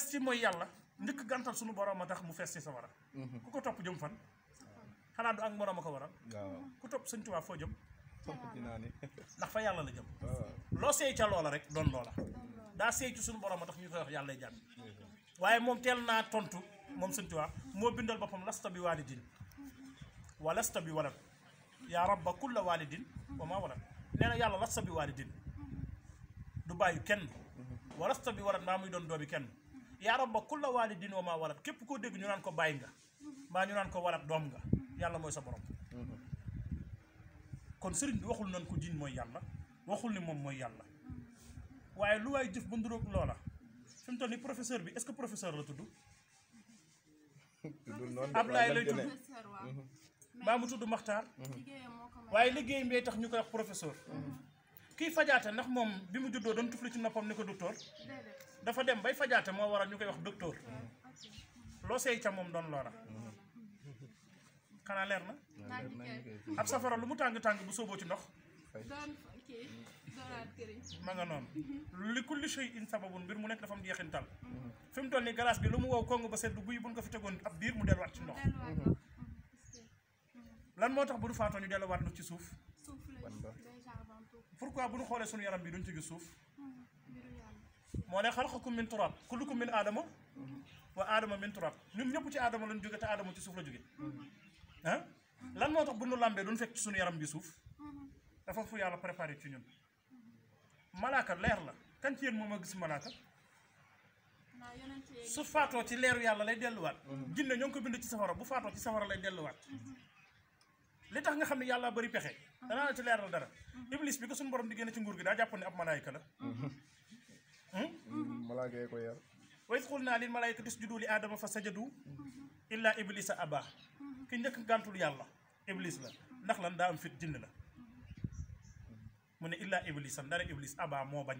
fees ci mooy yàlla ndëkk gàntal suñu borom a tax mu fees ci sa war a mhm. ku ko topp jëm fan xanaa du ak moroom a ko waral ku topp sëñ Tuubaa foo jëm ndax fa yàlla la jëm loo seey ca loola rek doon loola daa seey ci suñu borom a tax ñu koy wax yàlla jàmm mhm. waaye moom teel naa tontu moom sëñ Tuubaa moo bindal boppam lasta bi waalidin wa lasta bi walad yaa rabba kulla waalidin wa maa walad nee na yàlla lasta bi mhm. wa lasta muy doon doomi kenn yaa rabba kulla waalidin wa maa walad képp koo dégg ñu naan ko bàyyi nga mbaa ñu naan ko walad doom nga yàlla mooy sa borom kon sëriñ bi waxul nan ko jiñ mooy yàlla waxul ni moom mooy yàlla waaye lu waay jëf ba nduróog loola fi mu toll ni professeur bi est-ce que professeur la tudd Ablaay lay tudd mbaa mu tudd Maxtaar waaye liggéey mbee tax ñu koy wax professeur mm-hmm. kii fajaate ndax moom bi mu juddoo doon tufli ci noppam ni ko docteur dafa dem bay fajaate moo waral ñu koy wax docteur loo seey ca moom doon loola xanaa leer na ab safara lu mu tàng-tàng bu sóoboo ci ndox ma nga noonu mhm. li kulli shay'in sababun mbir mu nekk dafa am jeexintal mhm. fi mu toll nii bi lu mu wow kongo ba sedd buy buñ ko fi tegoon ab diir mu delluwaat ci ndox mhm. lan moo tax bu du faatoo ñu delluwaat lu ci suuf pourquoi bu ñu xoolee suñu yaram bi duñ ci gis suuf moo ne xalqakum min turab kullukum min aadama mhm. wa aadama min turab ñun ñëpp ci aadama lañ jóge te adama ci suuf la jóge mhm. lan moo tax bu ñu làmbee duñ fekk ci suñu yaram bi suuf mhm. dafa fu yàlla préparé ci ñun malaaka leer la kan ci yéen moom a gis malaaka su faatoo ci leeru yàlla lay delluwaat ginne ñoo ko bind ci safara bu faatoo ci safara lay delluwaat li tax nga xam ne yàlla bari pexe danaa la ci leeral dara iblis bi ko suñu borom di génne ci nguur gi daa jàpp ne ab malaayka la hmm? malaayka ko yar wa iz qulnaa lil malaayikati isjudu li aadama fa sajadu illaa iblisa abaa ki njëkk gàntul yàlla iblis la ndax la daa am fit jinn la mu ne illaa iblisan dara moo bañ